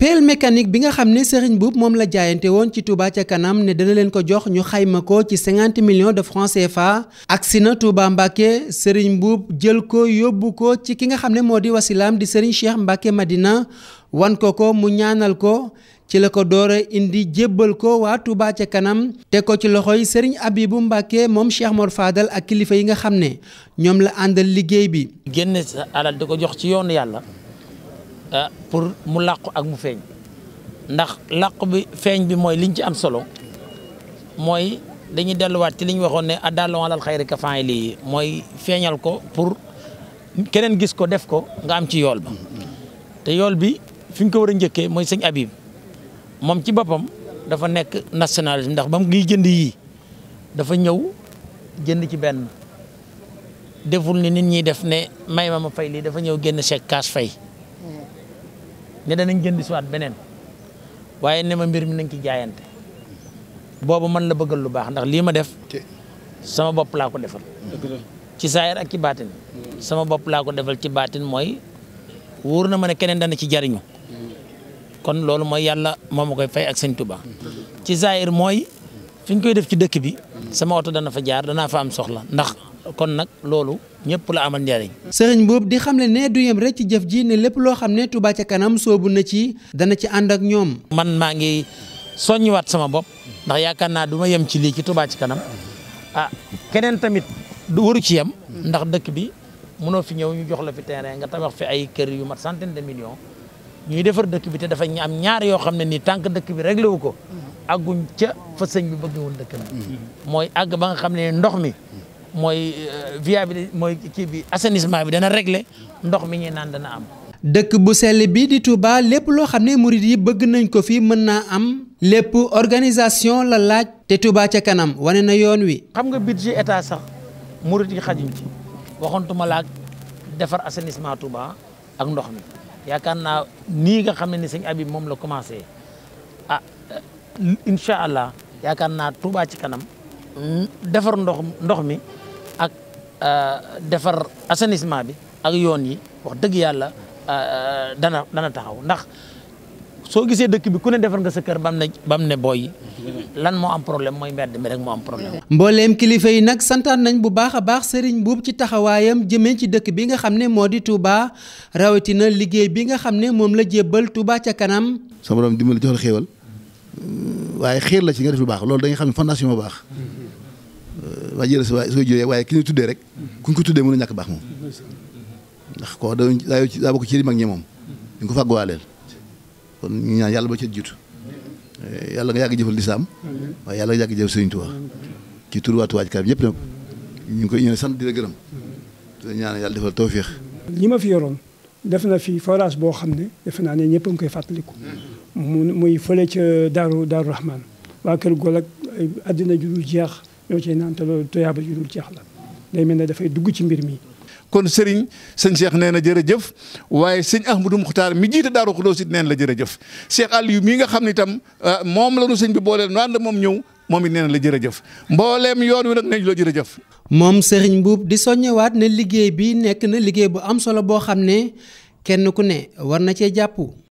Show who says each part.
Speaker 1: pelle mécanique bi nga xam ne Serigne Mboup moom la jaayante woon ci Touba ca kanam ne dana leen ko jox ñu xayma ko ci 50 millions de francs CFA agsi na Touba Mbacke sëriñ Mboup jël ko yóbbu ko ci ki nga xam ne moo di wasilaam di Serigne Cheikh Mbacke Madina wan ko ko mu ñaanal ko ci la ko doore indi jébbal ko waa Touba ca kanam te ko ci loxo yi Serigne Abibou Mbacke moom Cheikh Mor Fadal ak kilifa yi nga xam ne ñoom la àndal liggéey
Speaker 2: bi. génne sa alal di ko jox ci yoonu yàlla. Euh, pour mu làqu ak mu feeñ ndax làqu bi feeñ bi mooy liñ ci am solo mooy dañuy delluwaat ci li ñu waxoon ne adallu alal xayri ka lii mooy feeñal ko pour keneen gis ko def ko nga am ci yool ba te yool bi fi ñu ko war a njëkkee mooy sëñ Habib moom ci boppam dafa nekk nationalisme ndax ba mu ngi jënd yii dafa ñëw jënd ci benn deful ni nit ñiy def ne may ma ma fay lii dafa ñëw génn chèque cash fay ne danañ si waat beneen waaye ne ma mbir mi nañ ci jaayante boobu man la bëggal lu baax ndax lii ma def sama bopp laa ko defal ci saayir ak ci baatin hmm. sama bopp laa ko defal ci baatin mooy wóor na ma ne keneen dana ci jariñu hmm. kon loolu mooy yàlla moo ma koy fay ak sëñ baax hmm. ci saayir mooy fi ñu koy def ci dëkk bi sama oto dana fa jaar danaa fa am soxla kon nag loolu ñëpp la amal njariñ
Speaker 1: sëriñ boobu di xam ne du yem rek ci jëf ji ne lépp loo xam ne Touba ca kanam soobu na ci
Speaker 2: dana ci ànd ak ñoom. man maa ngi soññiwaat sama bopp ndax yaakaar naa duma yem ci lii ci Touba ci kanam ah keneen tamit du waru ci yem ndax dëkk bi mënoo fi ñëw ñu jox la fi terrain nga tabax fi ay kër yu mat centaine de million ñuy defar dëkk bi te dafa am ñaar yoo xam ne nii tànk dëkk bi réglé wu ko. agguñ ca fa sëñ bi bëgg woon dëkk bi. Mm-hmm. mi. mooy euh, viabilité mooy kii bi assainissement bi dana régler ndox mi ñuy naan dana am.
Speaker 1: dëkk bu sell bii di Touba lépp loo xam ne murid yi bëgg nañ ko fi mën naa am lépp organisation la laaj te Touba ca kanam
Speaker 2: wane na yoon wi. xam nga budget état sax murid yi xajuñ ci waxantuma defar assainissement Touba ak ndox mi yaakaar naa nii nga xam ne ni sañ Habib moom la commencé ah euh, incha allah yaakaar naa Touba ci kanam. defar ndox ndox mi ak euh, defar assainissement bi ak yoon yi wax dëgg yàlla euh, dana dana taxaw ndax soo gisee dëkk bi ku ne defar nga sa kër bam ne bam ne booy yi lan moo am problème mooy mbedd mi rek moo am problème.
Speaker 1: mbooleem kilifa yi nag santaan nañ bu baaxa baax sëriñ Mbuub ci taxawaayam jëmee ci dëkk bi nga xam ne moo di Touba rawatina liggéey bi nga xam ne moom la jébbal Touba ca kanam. sama borom dimbali jox la xéewal waaye xéer la ci nga def lu baax loolu da xam ne fondation bu baax. waa jërëjëf waay soo juree waaye ki ñu tuddee rek ku ñu ko tuddee mënu ñàkk baax moom ndax ko da daa bokk ci li mag ñi moom ñu ko fàgguwaaleel kon ñu ñaan yàlla ba ca jiitu eh, yàlla nga yàgg jëfal lislaam waaye yàlla nga yàgg jëfal Sëriñ Tuubaa waa Touba Ca Kanam ñu ngi koy ñëw sant di la gërëm te ñaan yàlla defal tawféex li ma fi yoroon def na fi forage boo xam ne defe naa ne a ngi koy fàttaliku mu muy fële ca Daaru Daaru Rahman waa kër Golak àddina ju dul ñoo ciy naan te loolu tuyaaba ju dul jeex la day mel ne dafay dugg ci mbir mi.
Speaker 2: kon Serigne sëñ Cheikh nee na jërëjëf waaye sëñ Ahmadou Moukhtar mi jiite Daaru Xudoos si neen la jërëjëf àll Aliou mii nga xam ne tam ah, moom la nu sëñ bi booleel naan la moom ñëw moom it nee na la jërëjëf mbooleem yoon wi nag nee la jërëjëf.
Speaker 1: moom Serigne Mbuub di soññewaat ne liggéey bi nekk na liggéey bu am solo boo xam ne kenn ku ne war na cee jàpp.